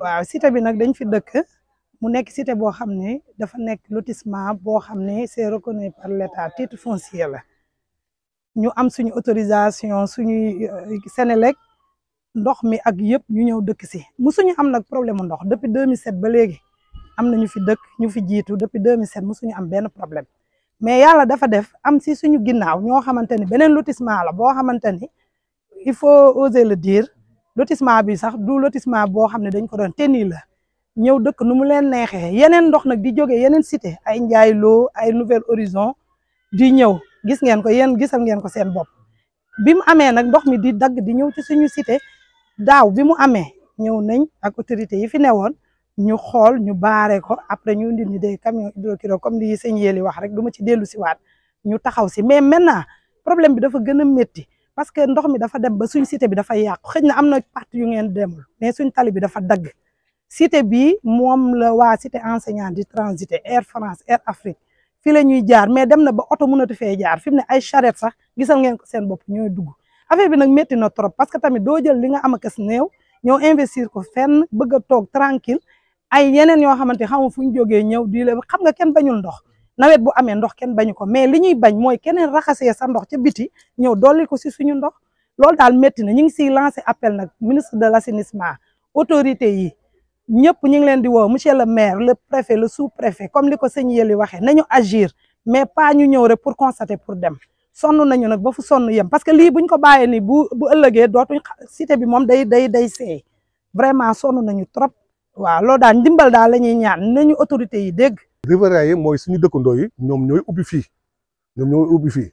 waaw cité bi nag dañ fi dëkk mu nekk cité boo xam ne dafa nekk lotissement boo xam ne c'est reconnu par l'état titre foncier la ñu am suñu autorisation suñuy euh, Sénélec ndox mi ak yëpp ñu ñëw dëkk si musuñu am nag problème ndox depuis 2007 ba léegi am na ñu fi dëkk ñu fi jiitu depuis 2007 suñu am benn problème mais yàlla dafa def am si suñu ginnaaw ñoo xamante ni beneen lotissement la boo xamante ni il faut oser le dire lotissement bi sax du lotissement boo xam ne dañ ko doon tenni la ñëw dëkk nu mu leen neexee yeneen ndox nag di jógee yeneen cité ay Ndiaye Lo ay nouvelle Horizon di ñëw gis ngeen ko yéen gisal ngeen ko seen bopp bi mu amee nag ndox mi di dagg di ñëw ci suñu cité daaw bi mu amee ñëw nañ ak autorité yi fi woon ñu xool ñu baare ko après ñu indil ñu des camions hydrocureurs comme li sëñ Yéli wax rek du ma ci dellu si waat ñu taxaw si mais maintenant problème bi dafa gën a métti parce que ndox mi dafa dem ba suñ cité bi dafa yaq xejna amna parti yu ngeen demul mais suñ tali bi dafa dag cité bi mom la wa cité enseignant di transité Air France Air Afrique File la ñuy jaar mais dem na ba oto mënatu fee jaar fimné ay charrette sax gisal ngeen ko seen bop ñoy dugg affaire bi nak metti na trop parce que tamit do jël li nga am ak investir ko fenn bëgg tok tranquille ay yenen ño xamanté xamu fuñ joggé ñew di la xam nga kenn bañul ndox nawet bu amee ndox kenn bañu ko mais li ñuy bañ mooy keneen raxasee sa ndox ca biti ñëw dolli ko si suñu ndox loolu daal métti na ñu ngi siy lancé appel nag ministre de l' assainissement autorité yi ñëpp ñu ngi leen di woo monsieur le mair le préfet le sous préfet comme li ko sëñ Yeli waxee nañu agir mais pas ñu ñëw rek pour constater pour dem sonn nañu nag ba fu sonn yem parce que lii buñ ko bàyyee ni bu bu ëllëgee dootuñ cité bi moom day day day seey vraiment sonn nañu trop waaw loolu daal ndimbal daal la ñuy ñaan nañu autorité yi dégg. riverains yi mooy suñu dëkkandoo yi ñoom ñooy ubbi fii ñoom ñooy ubbi fii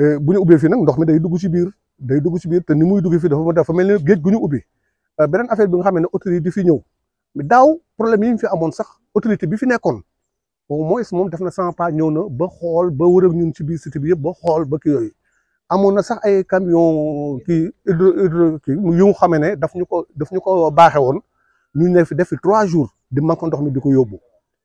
eh, bu ñu ubbee fii nag ndox mi day dugg ci biir day dugg ci biir ni muy dugg fii dafa dafa mel ni géej gu ñu ubbi eh, beneen affaire bi nga xam ne autorité di fi ñëw daaw problème yi ñu fi amoon sax autorité bi fi nekkoon au moins moom def na cent pas ñëw na ba xool ba wër ak ñun ci biir cité bi yëpp ba xool ba kii yooyu amoon na sax ay camion kii ki hydro kii yu ne daf ñu ko daf ko baaxe woon ñu ne fi def fi trois jours di manque ndox mi di ko yóbbu.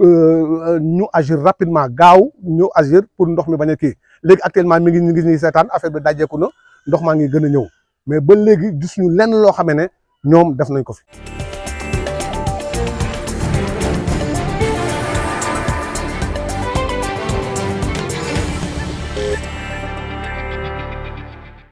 Euh, euh, ñu agir rapidement gaaw ñu agir pour ndox mi bañ a kii léegi actuellement mi ngi ñu ngi ñuy seetaan affaire bi dajeeku na ndox maa ngi gën a ñëw mais ba léegi gis ñu lenn loo xamee ne ñoom def nañ ko fi.